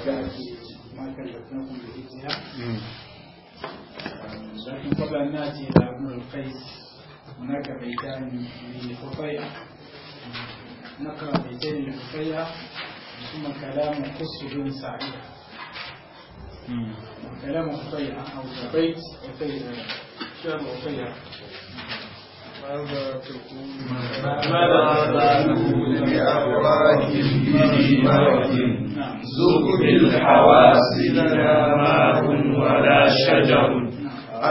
لكن قبل ان ناتي الى ابن القيس هناك بيتان لخطيئه نقرا بيتين لخطيئه ثم كلام قص بن سعيد كلام خطيئه او بيت خطيئه شعر خطيئه ماذا تقول ماذا تقول لأفراح في موت زق بالحواس لا ماء ولا شجر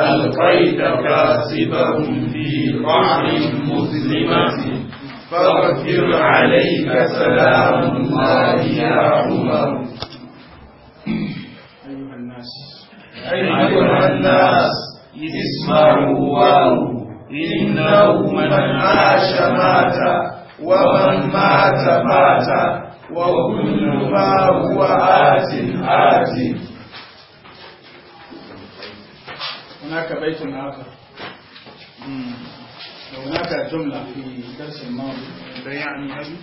ألقيت كاسبهم في قعر مظلمة فاغفر عليك سلام الله يا عمر أيها الناس أيها الناس اسمعوا واو إنه من عاش مات ومن مات مات وكل ما هو آت آت هناك بيت آخر هناك جملة في درس الماضي بيعني أبي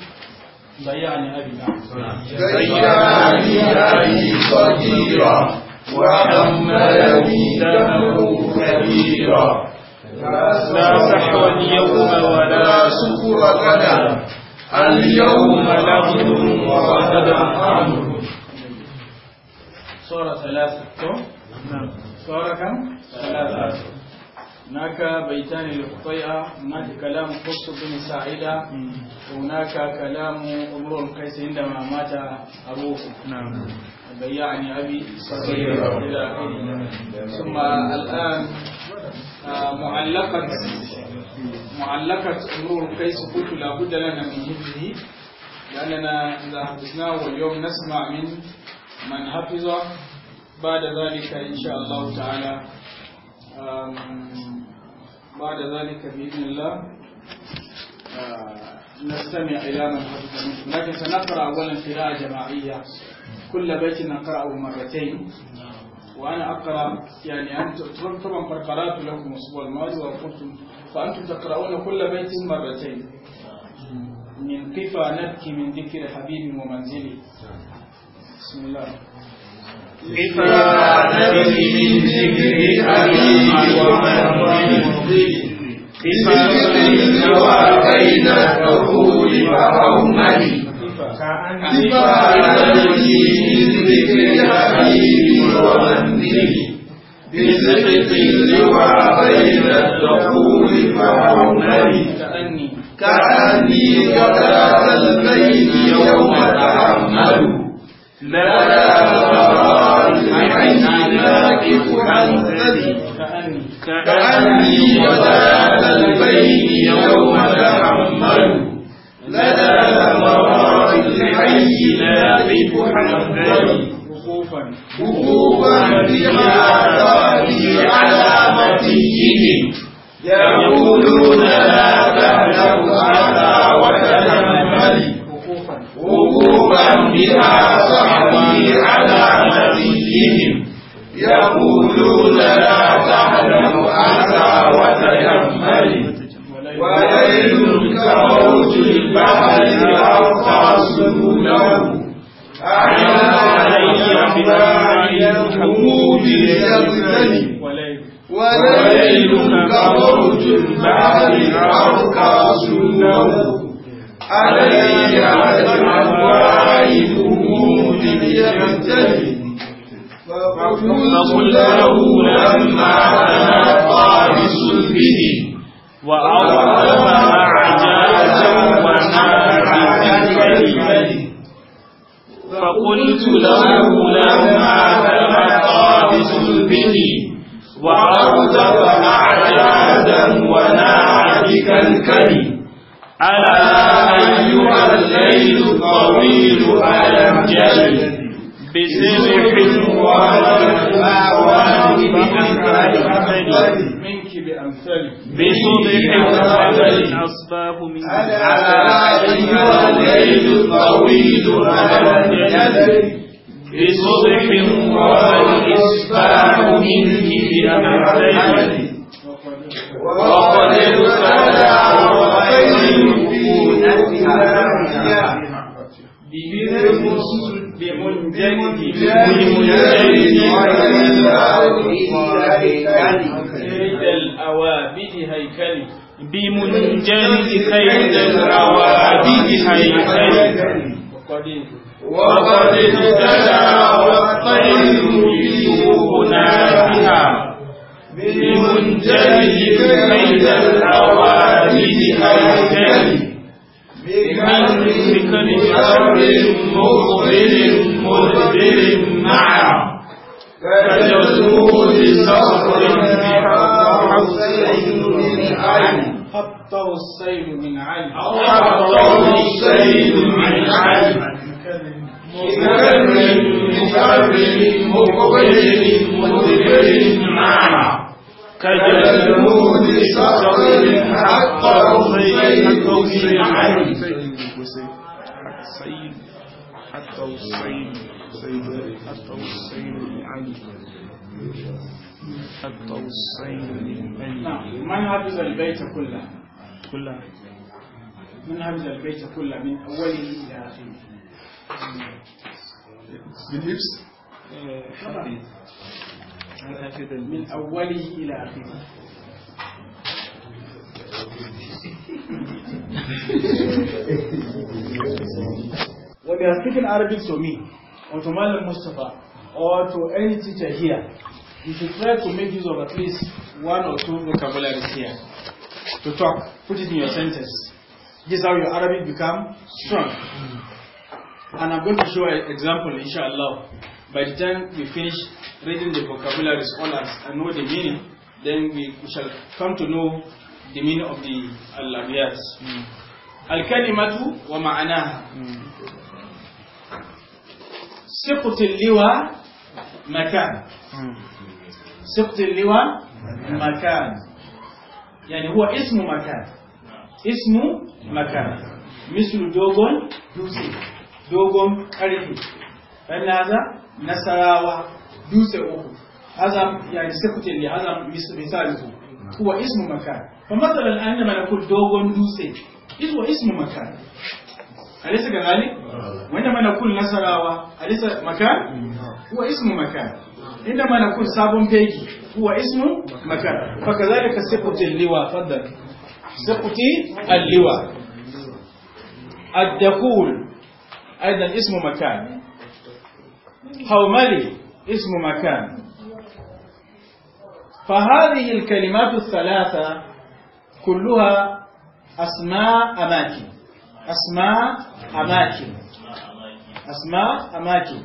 ضيعني أبي نعم ضيعني أبي صغيرا وحملني دمه كبيرا لا سحرا يوم ولا سكر غدا اليوم نغدو وغدا نعمل سورة ثلاثة سورة كم؟ ثلاثة هناك بيتان للخطيئة هناك كلام قص بن سعيدة هناك كلام أمر القيس عندما مات أبوه نعم بيعني أبي صغير إلى ثم الآن معلقة معلقة أمور القيس قلت لا بد لنا من هذه لأننا إذا حفظناه واليوم نسمع من من حفظه بعد ذلك إن شاء الله تعالى بعد ذلك بإذن الله آه، نستمع إلى من حفظ لكن سنقرأ أولا قراءة جماعية كل بيت نقرأه مرتين وأنا أقرأ يعني انتم طبعا قرأت لكم الأسبوع الماضي وقلتم فأنتم تقرؤون كل بيت مرتين من كيف نبكي من ذكر حبيب ومنزلي بسم الله كيف نبكي من ذكر حبيب ومنزلي بفضل وبين الدخول وعملي كأن نبكي من ذكر الحبيب ومنه بزقت اللوى بين الدخول فحولني كأني قطعة البيت يوم تحمل لا ترى عيني ناكف حنثلي كأني قطعة البيت يوم تحمل لدى الكتاب محذر وقوفا بما على مطيهم يقولون لا تعلم هذا على وتنمل وقوفا بما صحبي على مطيهم يقولون لا يحب وأتباعه بأمثاله منك بأمثاله بصدق الأصباب من ألا أيها الليل الطويل ألم يدرك بصدق والإصباح منك بأمثاله وقد الجيد المجاهد على سيد الأوابد هيكلي بمنجلد خير الأوابد هيكلي وقد ابتلى والطير في هناكها بمنجلد خير الأوابد هيكلي بأمرك بشر مخبر مدبر معا كجسود صخر حتى السيل من عين حتى السيل من عين مكرم مكرم مقبل مدبر معا كجلود صخر حتى السيل من عين التوصيل التوصيل عن التوصيل عن نعم. من حفظ البيت كله كله من حفظ البيت كله من أوله إلى آخره بالحفظ من أوله إلى آخره Thank you. when they are speaking Arabic to me, or to Malam Mustafa, or to any teacher here, you should try to make use of at least one or two vocabularies here to talk. Put it in your sentence. This is how your Arabic become strong. And I'm going to show an example, inshallah. By the time we finish reading the vocabularies all us and know the meaning, then we shall come to know the meaning of the al-abiyat. Hmm. Al-kalimatu wa ma'anaha. Hmm. سقط اللواء مكان سقط اللواء مكان يعني هو اسم مكان اسم مكان مثل دوغون دوسي دوغون كاريكي فإن هذا نسراوة دوسي أخو هذا يعني سقط اللي هذا مثال هو اسم مكان فمثلا عندما نقول دوغون دوسي هو اسم مكان أليس كذلك؟ آه. وإنما نقول نصراوة أليس مكان؟ نعم. هو اسم مكان إنما نقول سابون بيجي هو اسم مكان فكذلك سقط اللواء تفضل سقط اللواء الدخول أيضا اسم مكان حوملي اسم مكان فهذه الكلمات الثلاثة كلها أسماء أماكن أسماء أماكن أسماء أماكن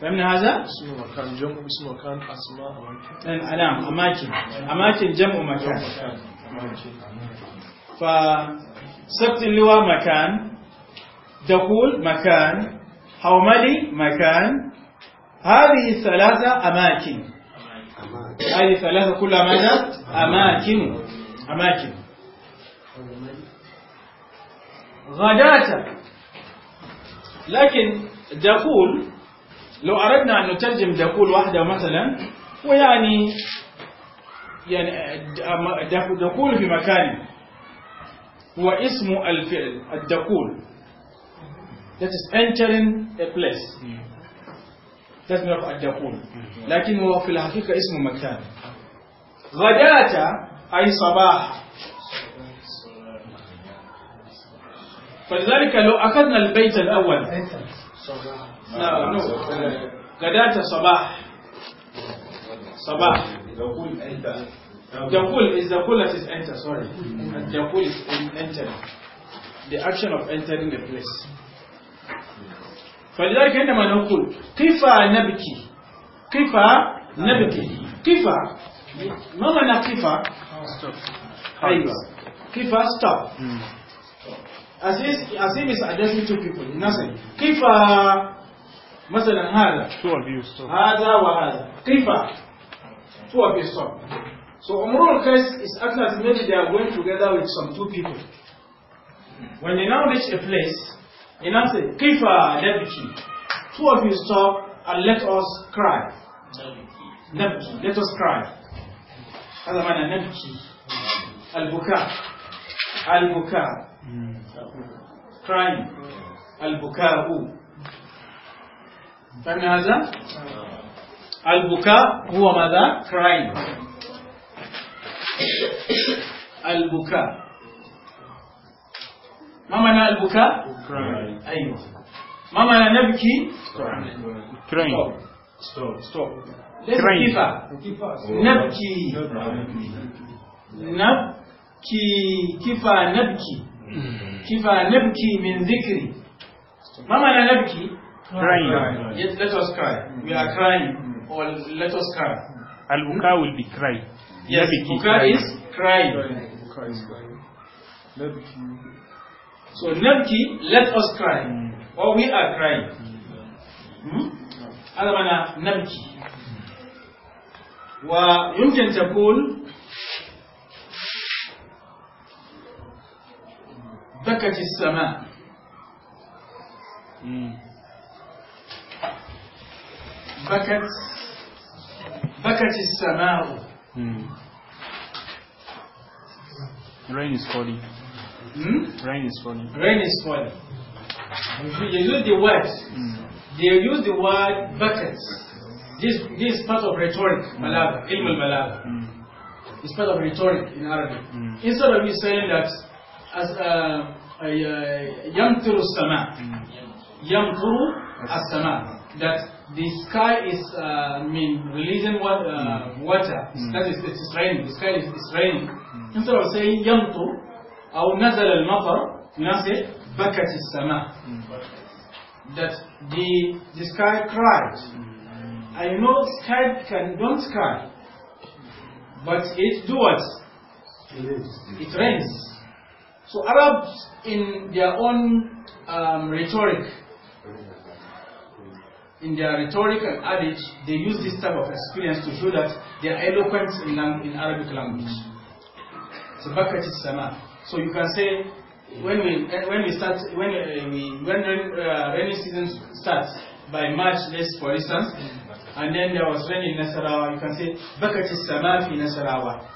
فهمنا هذا؟ اسم مكان جمع اسم مكان أسماء أماكن نعم أماكن أماكن جمع مكان اللي اللواء مكان دخول مكان حوملي مكان هذه الثلاثة أماكن هذه الثلاثة كلها ماذا؟ أماكن أماكن غداة لكن دخول لو أردنا أن نترجم دخول واحدة مثلا ويعني يعني, يعني دخول في مكان هو اسم الفعل الدخول that is entering a place تسمع الدخول لكن هو في الحقيقة اسم مكان غداة أي صباح فلذلك لو أخذنا البيت الأول غداة صباح صباح يقول أنت يقول إذا قلت goal that is enter sorry the goal is action of entering the place فلذلك عندما نقول كيف نبكي كيف نبكي كيف ما معنى كيف أيوة كيف stop hmm. as if, as if it's addressing two people, nothing. كيف مثلا هذا two abuse هذا وهذا كيف two of you stop. Uh, so Umrul Qais is acting as maybe they are going together with some two people. When they now reach a place, they now say, كيف نبكي uh, Two of you stop and let us cry. نبكي Let us cry. هذا معنى نبكي البكاء البكاء crying البكاء فهمنا هذا البكاء هو ماذا crying البكاء ما معنى البكاء ايوه ما معنى نبكي crying stop stop نبكي نبكي كيف نبكي كيف نبكي من ذكري ما معنى نبكي crying yet let us cry we are crying or let us cry al buka will be cry yes buka is crying is so nabki let us cry or we are crying هذا معنى نبكي ويمكن تقول وانشقت السماء بكت Rain is falling. Hmm? Rain is falling. Rain is falling. They use the word. Mm. They use the word buckets. This this is part of rhetoric, hmm. malab, ilm al Mm. It's part of rhetoric in Arabic. Mm. Instead of you saying that as uh, yamturu sama, yamturu sama that the sky is, uh, I mean, releasing wa uh, water, mm. it is raining, the sky is, raining. Mm. Instead of saying yamtur, أو نزل Matar, you now That the, the sky cried. Mm. I know sky can, don't cry, but it do what? It rains. So Arabs, in their own um, rhetoric, in their rhetoric and adage, they use this type of experience to show that they are eloquent in, in Arabic language. So bakat is sana. So you can say when we eh, when we start when uh, we when uh, rainy season starts by March, let's for instance, and then there was rain in Nasarawa, you can say bakat is sama fi Nasarawa.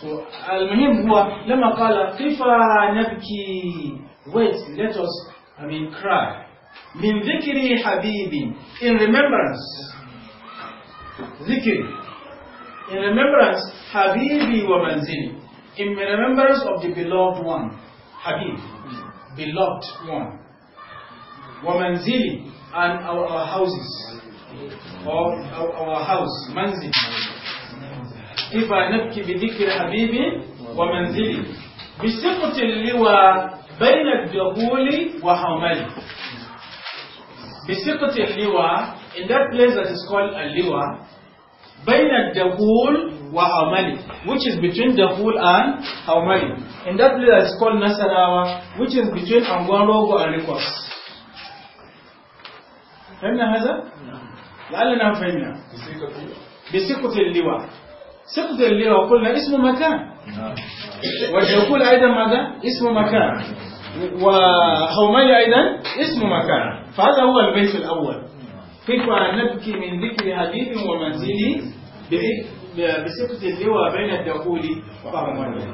So المهم هو لما قال كيف نبكي wait let us I mean cry من ذكر حبيبي in remembrance ذكري in remembrance حبيبي ومنزلي in remembrance of the beloved one حبيب beloved one ومنزلي and our, our houses or our, our house manzil كيف نبكي بذكر حبيبي ومنزلي بسقط اللواء بين الدخول وحملي بسقط اللواء in that place that is called اللواء بين الدخول وحملي which is between دخول and حملي in that place that is called نسراوة which is between Angwarogo and Rikos فهمنا هذا؟ نعم. لعلنا فهمنا بسقط اللواء سقط اللي لو قلنا اسم مكان نعم. والجوكول أيضا ماذا؟ اسم مكان وحومية أيضا اسم مكان فهذا هو البيت الأول كيف نبكي من ذكر حديث ومنزله بسقط اللواء بين الدخول وحومية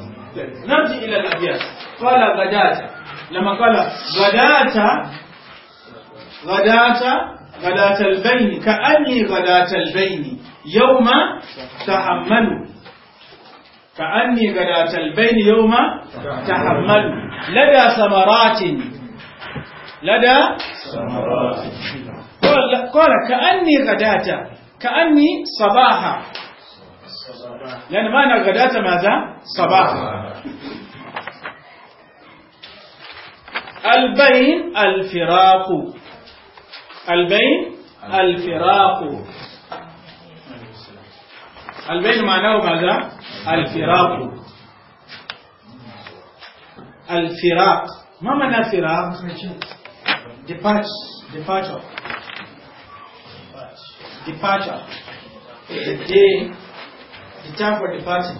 نرجع إلى الأبيات قال غداة لما قال غداة غداة غداة البين كأني غداة البين يوم تحملوا كأني غداة البين يوم تحملوا لدى ثمرات لدى ثمرات قال كأني غداة كأني صباحا لأن معنى غداة ماذا؟ صباحا البين الفراق البين الفراق البين معناه ماذا الفراق الفراق ما معنى فراق departure departure departure the day the time for departing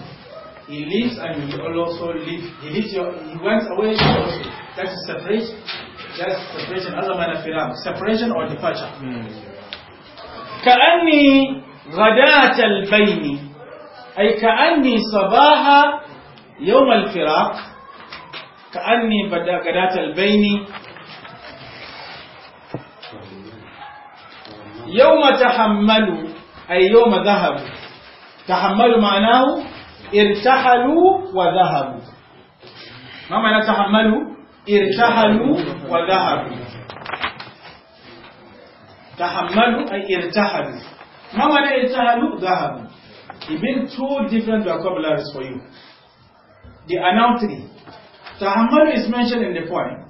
he leaves and he also leave he leaves your, he went away also. that's separation that's separation other manner of separation or departure كأني غداة البين أي كأني صباح يوم الفراق كأني غداة البين يوم تحملوا أي يوم ذهبوا تحملوا معناه ارتحلوا وذهبوا ما معنى تحملوا ارتحلوا وذهبوا تحملوا أي ارتحلوا Mawala itahalu dhahab. It means two different vocabularies for you. The are Tahamalu is mentioned in the poem.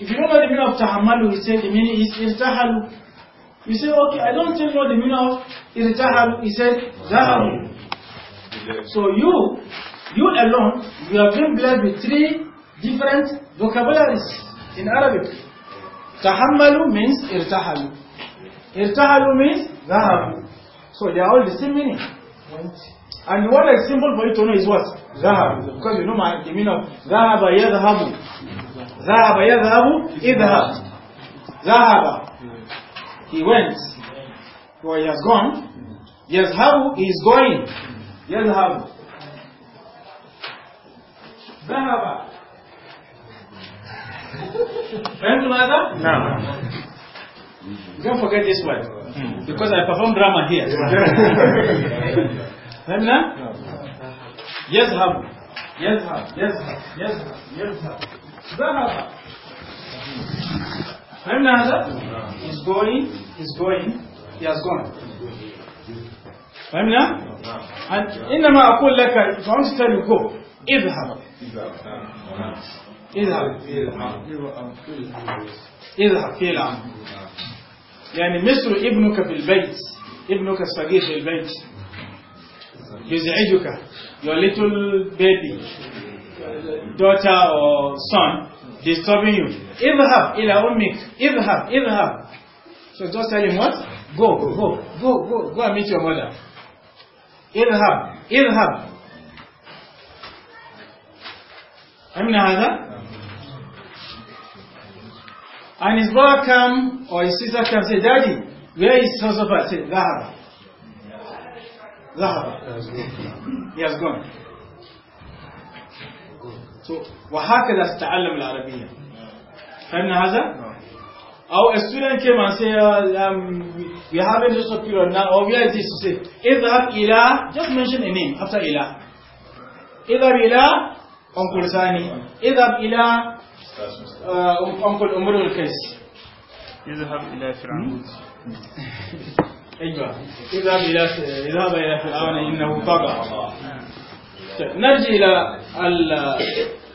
If you don't know the meaning of tahamalu, you say the meaning is irtahalu. You say, okay, I don't still know the meaning of irtahalu. He said, zahabu. So you, you alone, you have been blessed with three different vocabularies in Arabic. Tahamalu means irtahalu. Irtahalu means zahabu. So they are all the same meaning. And what is simple for you to know is what? Zahab. Because you know my, the meaning of Zahaba yadhabu. Zahaba yadhabu idhab. Zahaba. He went. Well, he has gone. Yadhabu is going. Yadhabu. Zahaba. Remember that? No. Don't forget this word. Mm. Because I perform drama here. Yes, Remember? Yes, يذهب Yes, يذهب Yes, ذهب Yes, هذا؟ He's going, he's going, he has gone. فهمنا؟ إنما أقول لك if I want to tell you go اذهب اذهب اذهب اذهب في العمل يعني مثل ابنك في البيت ابنك الصغير في البيت يزعجك your little baby daughter or son disturbing you اذهب إلى أمك اذهب اذهب so just tell him what go go go go go and meet your mother اذهب اذهب أمن هذا And his brother came or his sister and said Daddy, where is so so far? said, Zahaba. Zahaba. he has gone. So, وهكذا استعلم العربية. فهمنا هذا؟ a student came and said, um, we have a just period now, or where is this to say? Idhab ila, just mention a name after ila. Idhab ila, Uncle Sani. Idhab ila, أنقل أمر الكيس يذهب إلى فرعون أيوة يذهب إلى يذهب إلى فرعون إنه طغى طيب، نرجع إلى ال...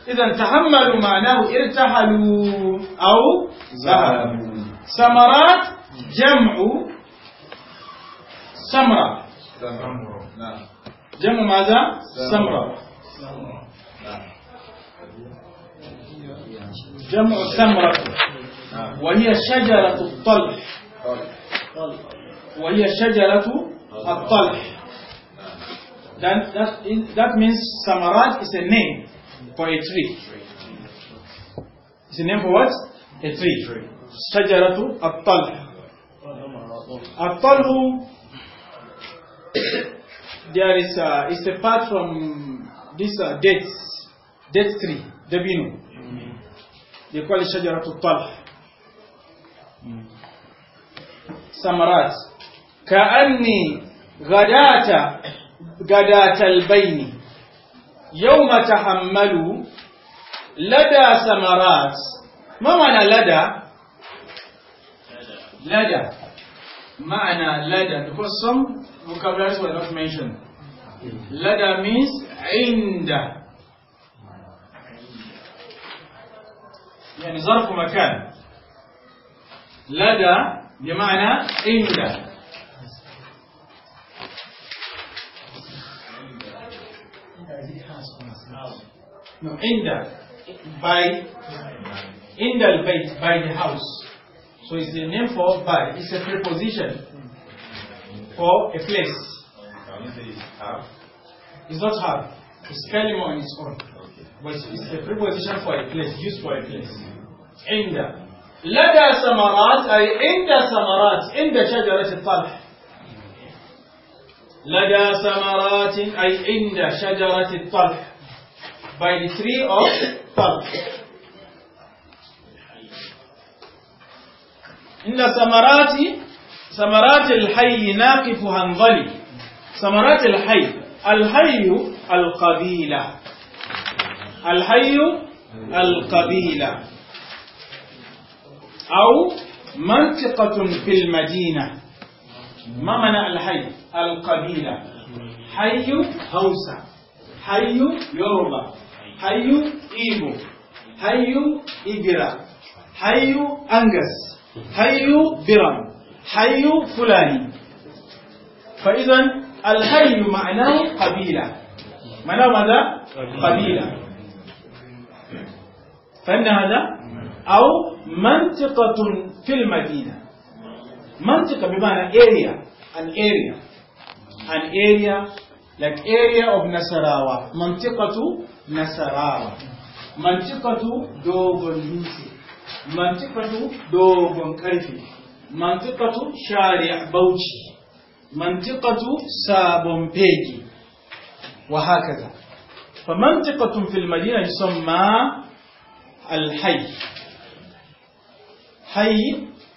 إذا تحملوا معناه ارتحلوا أو ذهبوا ثمرات جمع سمرة نعم. جمع ماذا؟ سمرة جمع سمرة وهي شجرة الطلح وهي شجرة الطلح That, that, that means samarat is a name for a tree. It's a name for what? A tree. شجرة الطلح. الطلح there is a, it's part from this uh, dates, date tree, dabino. لكل شجرة الطلح سمرات كأني غداتا غداتا البين يوم تحملوا لدى سمرات ما معنى لدى لدى معنى لدى because some vocabularies were not mentioned لدى means عند يعني ظرف مكان لدى بمعنى عند عند in the, by, in the bait, by the house. So it's the name for by. It's a preposition for a place. It's not hard. It's kalima on its own. it's a preposition for a place, used for a place. عند لدى ثمرات أي عند ثمرات عند شجرة الطلح لدى ثمرات أي عند شجرة الطلح by the tree of طلح إن ثمرات ثمرات الحي ناقف هنغلي ثمرات الحي الحي القبيلة الحي القبيلة أو منطقة في المدينة ما معنى الحي القبيلة حي هوسة حي يوربا حي إيبو حي إبرا حي أنجس حي برم حي فلاني فإذا الحي معناه قبيلة معناه ماذا؟ قبيلة فهمنا هذا أو منطقة في المدينة منطقة بمعنى area an area an area like area of Nasarawa منطقة Nasarawa منطقة دوغن يوسف منطقة دوغن كرفي منطقة شارع بوشي منطقة سابون بيجي وهكذا فمنطقة في المدينة يسمى الحي حي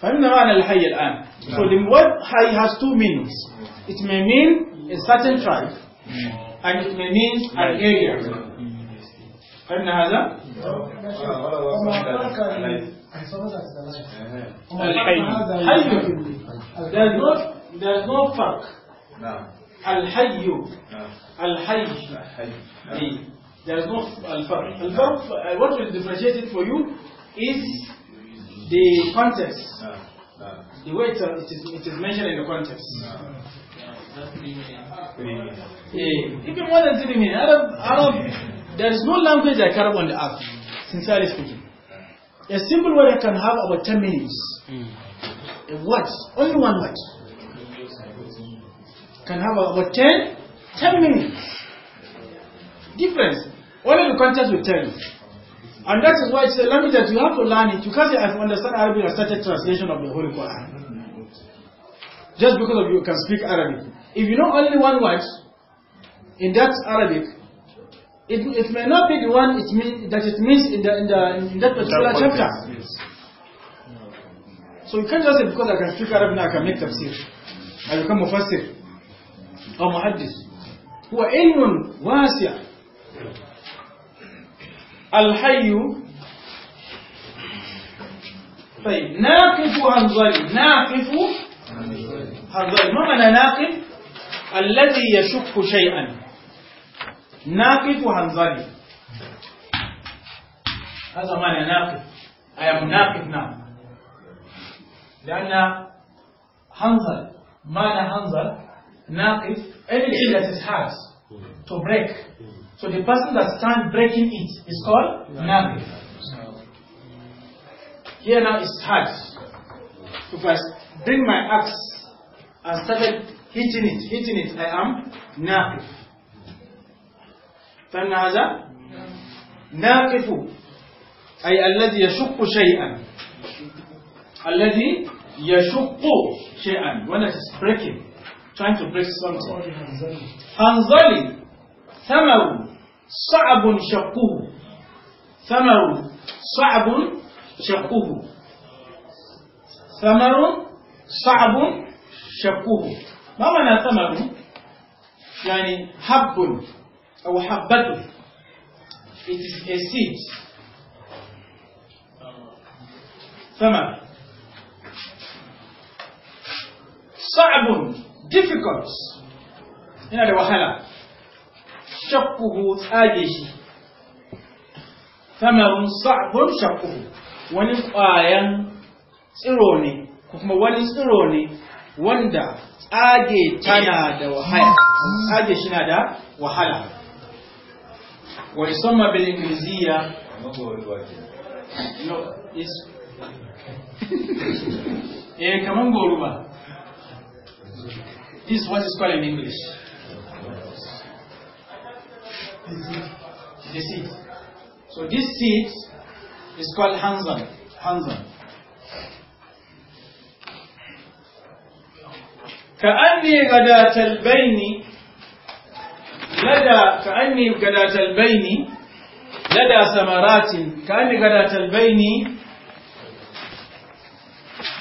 فهمنا معنى الحي الآن so the word حي has two meanings it may mean a certain tribe and it may mean an area فهمنا هذا الحي حي there is no there is no فرق Al-Hayyu. Al-Hayy. is no Al-Farq. Uh, what will differentiate it for you is the context. The way uh, it, is, it is mentioned in the context. Even more than three minutes. Arab, Arab, there is no language like Arab on the earth, sincerely speaking. A simple word can have about 10 minutes. Hmm. A word, only one word can have about 10, 10 minutes difference. Only the context will tell you. And that is why it's a language that you have to learn it. You can't say, I understand Arabic, I started translation of the Holy Quran. Just because of you can speak Arabic. If you know only one word in that Arabic, it, it may not be the one it mean, that it means in, the, in, the, in that particular that chapter. yes. So you can't just say, because I can speak Arabic now, I can make tafsir. I become a mufassir. أو محدث هو علم واسع الحي طيب ناقف عن ظلم ناقف عن ظلم ما معنى ناقف الذي يشك شيئا ناقف عن ظلم هذا معنى ناقف أي مناقف نعم لأن هنظر معنى هنظر now any anything that is hard to break. So the person that stands breaking it is called naqis. Here now it's hard. If I bring my axe and started hitting it, hitting it, I am naqif. فأن هذا ناقف أي الذي يشق شيئا الذي يشق شيئا when it is breaking trying to break something. Hanzali, ثمر صعب شقه ثمر صعب شقه ثمر صعب شقه ما معنى ثمر يعني حب أو حبة it is a seed ثمر صعب difficult yana da wahala shakkuhu tsage shi samarun sa'adun shakkuhu wani ƙwayan tsiro ne kuma wani tsiro ne wanda tsage tana da wahala tsage shi na da wahala wa isamma bil ingiliziya no is eh kaman goruba This is called in English. The seed. So this seed is called Hansan. Hansan. كأني غداة البين لدى كأني غداة البين لدى ثمرات كأني غداة البين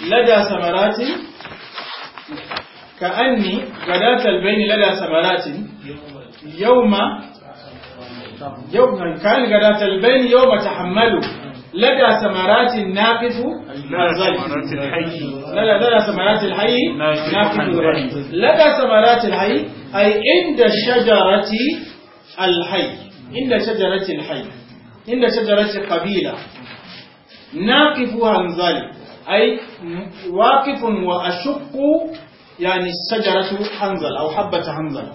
لدى ثمرات كأني غداة البين لدى ثمرات يوم يوم كأني غداة البين يوم تحمل لدى ثمرات ناقف لدى لدى ثمرات الحي ناقف لدى ثمرات الحي أي عند شجرة الحي عند شجرة الحي عند شجرة قبيلة ناقف هنزل أي واقف وأشق يعني الشجرة حنظل أو حبة حنظل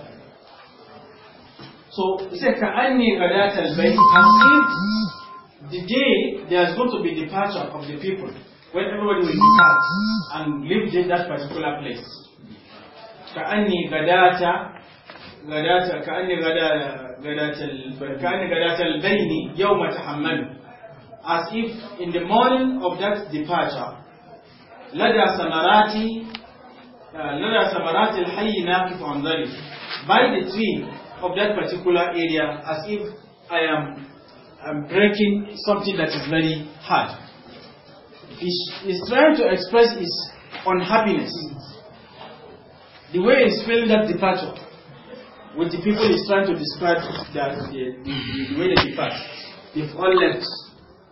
So he said, كأني غداة البيت as if the day there's going to be departure of the people when everybody will depart and leave that particular place. كأني غداة غداة كأني غداة غداة كأني al البين يوم تحمل as if in the morning of that departure لدى ثمراتي لنا ثمرات الحي ناقص عن ذلك by the tree of that particular area as if I am I'm breaking something that is very hard. He's, trying to express his unhappiness. The way he's feeling that departure with the people he's trying to describe that the, the, the way they depart. They've all left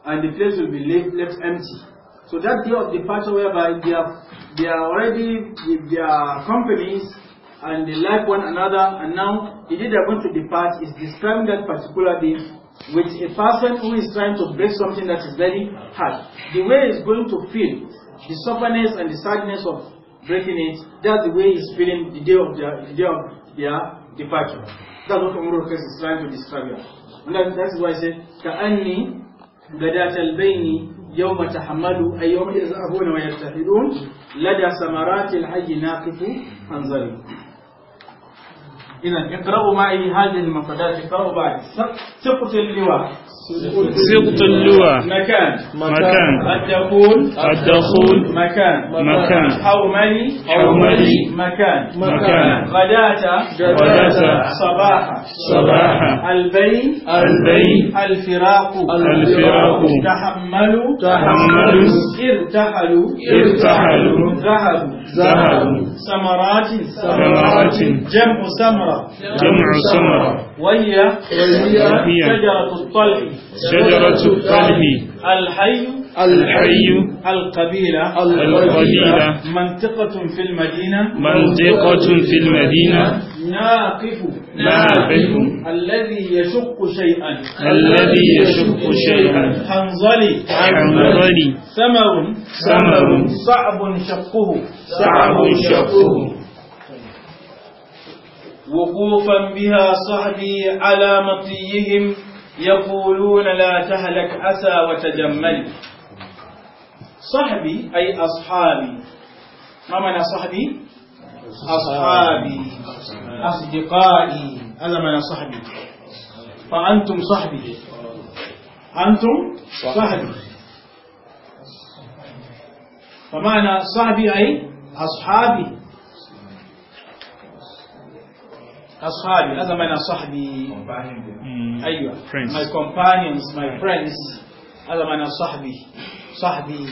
and the place will be left, left empty. So that day of departure whereby they are, they are already with their companies and they like one another and now the day they are going to depart is describing that particular day with a person who is trying to break something that is very hard. The way he's going to feel the softness and the sadness of breaking it, that's the way he's feeling the day of their, the day of their departure. That's what Umar is trying to describe here. And that, that's why I said, يوم تحملوا أي يوم يذهبون ويجتهدون لدى ثمرات الحي ناقف عن إذا اقرأوا معي هذه المفردات اقرأوا معي سقط اللواء سبط اللواء مكان مكان الدخول الدخول مكان مكان حوملي حوملي مكان مكان غداة غداة صباحا صباحا البين البين الفراق الفراق تحملوا تحملوا ارتحلوا ارتحلوا ذهبوا ذهبوا ثمرات ثمرات جمع سمرة جمع سمرة وهي شجرة الطلح شجرة الطلح الحي الحي القبيلة القبيلة منطقة في المدينة منطقة في المدينة ناقف ناقف الذي يشق شيئا الذي يشق شيئا حنظلي حنظلي ثمر ثمر صعب شقه صعب شقه وقوفا بها صحبي على مطيهم يقولون لا تهلك أسى وتجمل صحبي أي أصحابي ما معنى صحبي؟ أصحابي أصدقائي هذا معنى صحبي فأنتم صحبي أنتم صحبي فمعنى صحبي أي أصحابي أصحابي هذا معنى صاحبي mm. أيوة friends. my companions my friends هذا معنى صاحبي صاحبي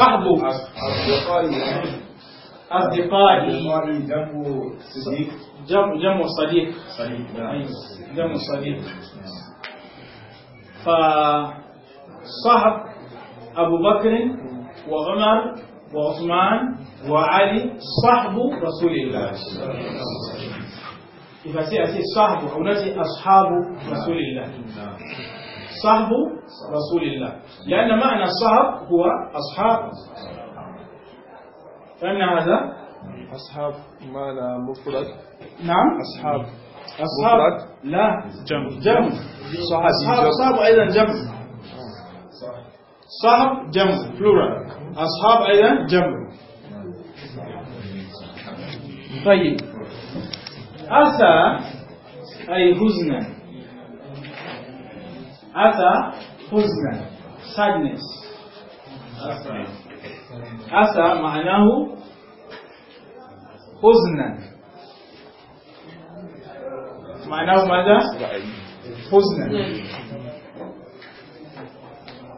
صحبه أصدقائي جمع صديق جمع صديق جمع صديق نعم. أيوة. فصاحب أبو بكر وعمر وعثمان وعلي صحب رسول الله إذا سي صحب أو نسي أصحاب رسول الله صحب رسول الله لأن معنى الصحب هو أصحاب فأن هذا أصحاب لا مفرد نعم أصحاب أصحاب لا جمع جمع أصحاب صحاب أيضا جمع صحب جمع بلورال أصحاب أيضا جمع طيب أسى أي حزنا أسى حزنا sadness أسى معناه حزنا معناه ماذا؟ حزنا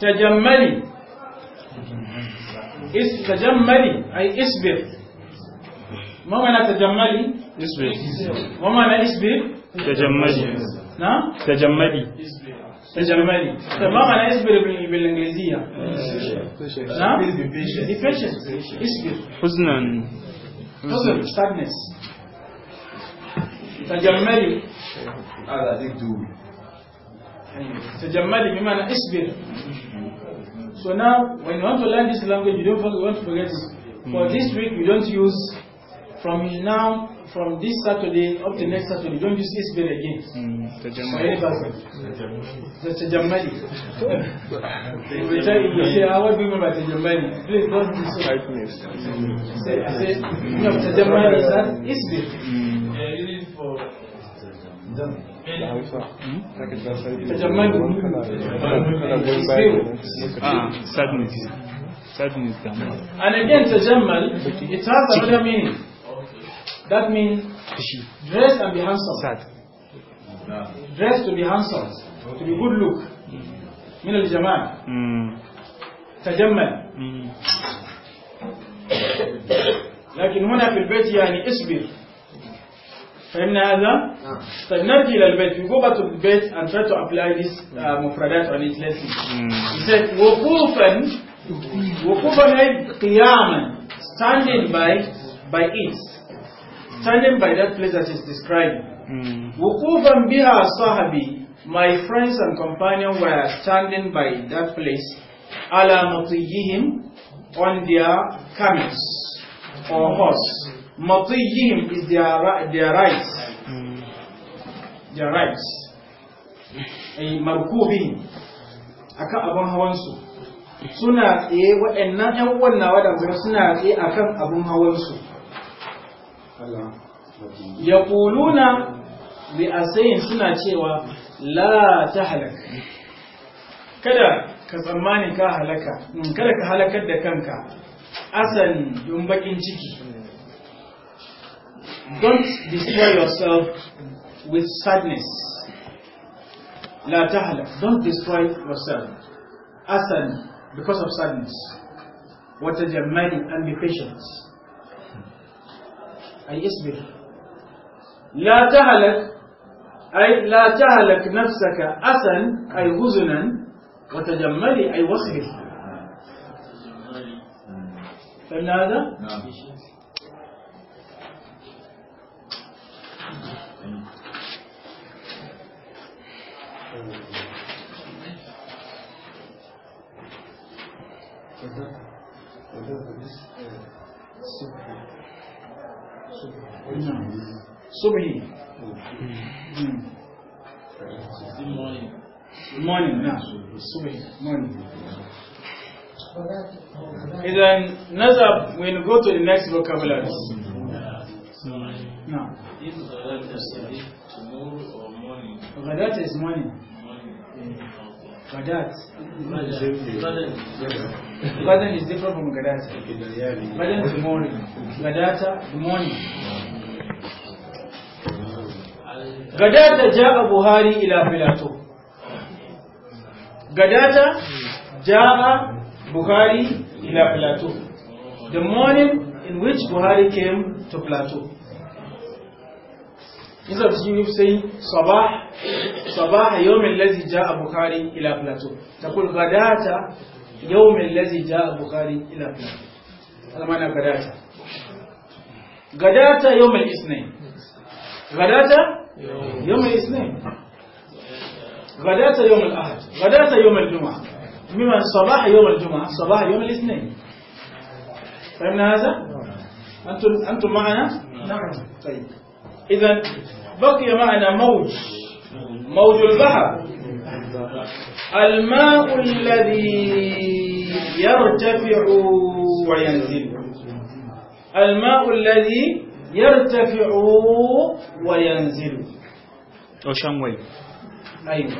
تجملي تجملي أي اصبر ما معنى تجملي اصبر ما معنى اصبر تجملي نعم تجملي تجملي ما معنى اصبر بالانجليزيه نعم اصبر حزنا حزن sadness تجملي هذا ذيك دول تجملي بمعنى اصبر So now, when you want to learn this language, you don't want to forget it. For this week, we don't use from now, from this Saturday up to next Saturday, don't use this Isbel again. Mm. The Tajamali. we try to say, ah, what do you by Tajamali? Please don't do so. I said, Say, say, no, Tajamali is an it is Mm. Uh, you need for... Done. Ah, sadness. Sadness. And again, Tajamal, it has another meaning. That means dress and be handsome. Sad. Dress to be handsome. To be good look. من الجمال. تجمل. لكن هنا في البيت يعني اصبر. فإن هذا؟ طيب نرجع إلى البيت. We go back to the bed and try to apply this uh, مفردات on his lesson He said وقوفا وقوفا قياما standing by by it. standing by that place that is described. mm. sahabi, my friends and companions were standing by that place, ala matiyihim, on their camels or horse. Matiyihim is their, their rights. Mm. Their rights. A markubihim, akan abin hawansu. Suna tsaye eh, waɗannan ‘yan uwan nawa da suna tsaye eh, akan abin hawansu. ya na? bi asayin suna cewa la ta halaka kada ka tsammani ka halaka kada ka halakar da kanka asan don bakin ciki don't destroy yourself with sadness la ta halaka don't destroy yourself asan because of sadness wata jamani and be patient أي اصبر لا تهلك أي لا تهلك نفسك أسا أي غزنا وتجملي أي وصفه نعم. فإن هذا؟ نعم So many. Good morning. Good morning now. So many. Morning. And then Nazab, we you go to the next vocabulary. Now. If tomorrow or morning. Ghadat is morning. Gadat. Gadat is different from gadat. Gadat is morning. Ghadata, morning. غداتا جاء بهاري إلى بلاتو غداتا جاء بهاري إلى بلاتو The morning in which Buhari came to Plateau. إذا of you صباح صباح يوم الذي جاء بخاري إلى بلاتو تقول غداة يوم الذي جاء بخاري إلى بلاتو هذا معنى غداة غداة يوم الاثنين غداة يوم الاثنين غداة يوم الأحد غداة يوم الجمعة مما صباح يوم الجمعة صباح يوم الاثنين فهمنا هذا؟ أنتم أنتم معنا؟ نعم طيب إذا بقي معنا موج موج البحر الماء الذي يرتفع وينزل الماء الذي يرتفع وينزل ocean wave أيوة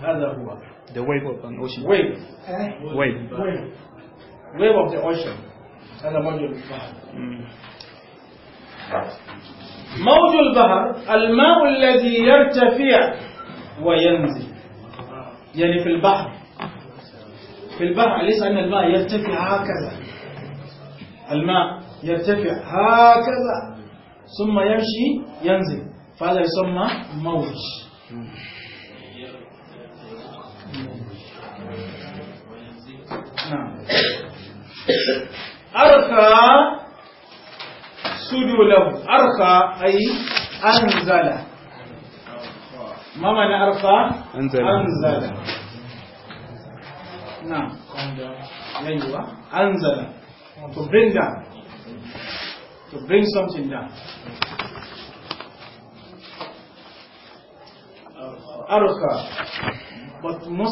هذا هو the wave of an ocean wave wave wave of the ocean هذا موج البحر mm. موج البحر الماء الذي يرتفع وينزل يعني في البحر في البحر ليس أن الماء يرتفع هكذا الماء يرتفع هكذا ثم يمشي ينزل فهذا يسمى موج نعم أرقى له أرقى أي أنزل ما معنى أرقى أنزل أنزل نعم أيوة أنزل to to bring something down. Uh, Arafah, but Moses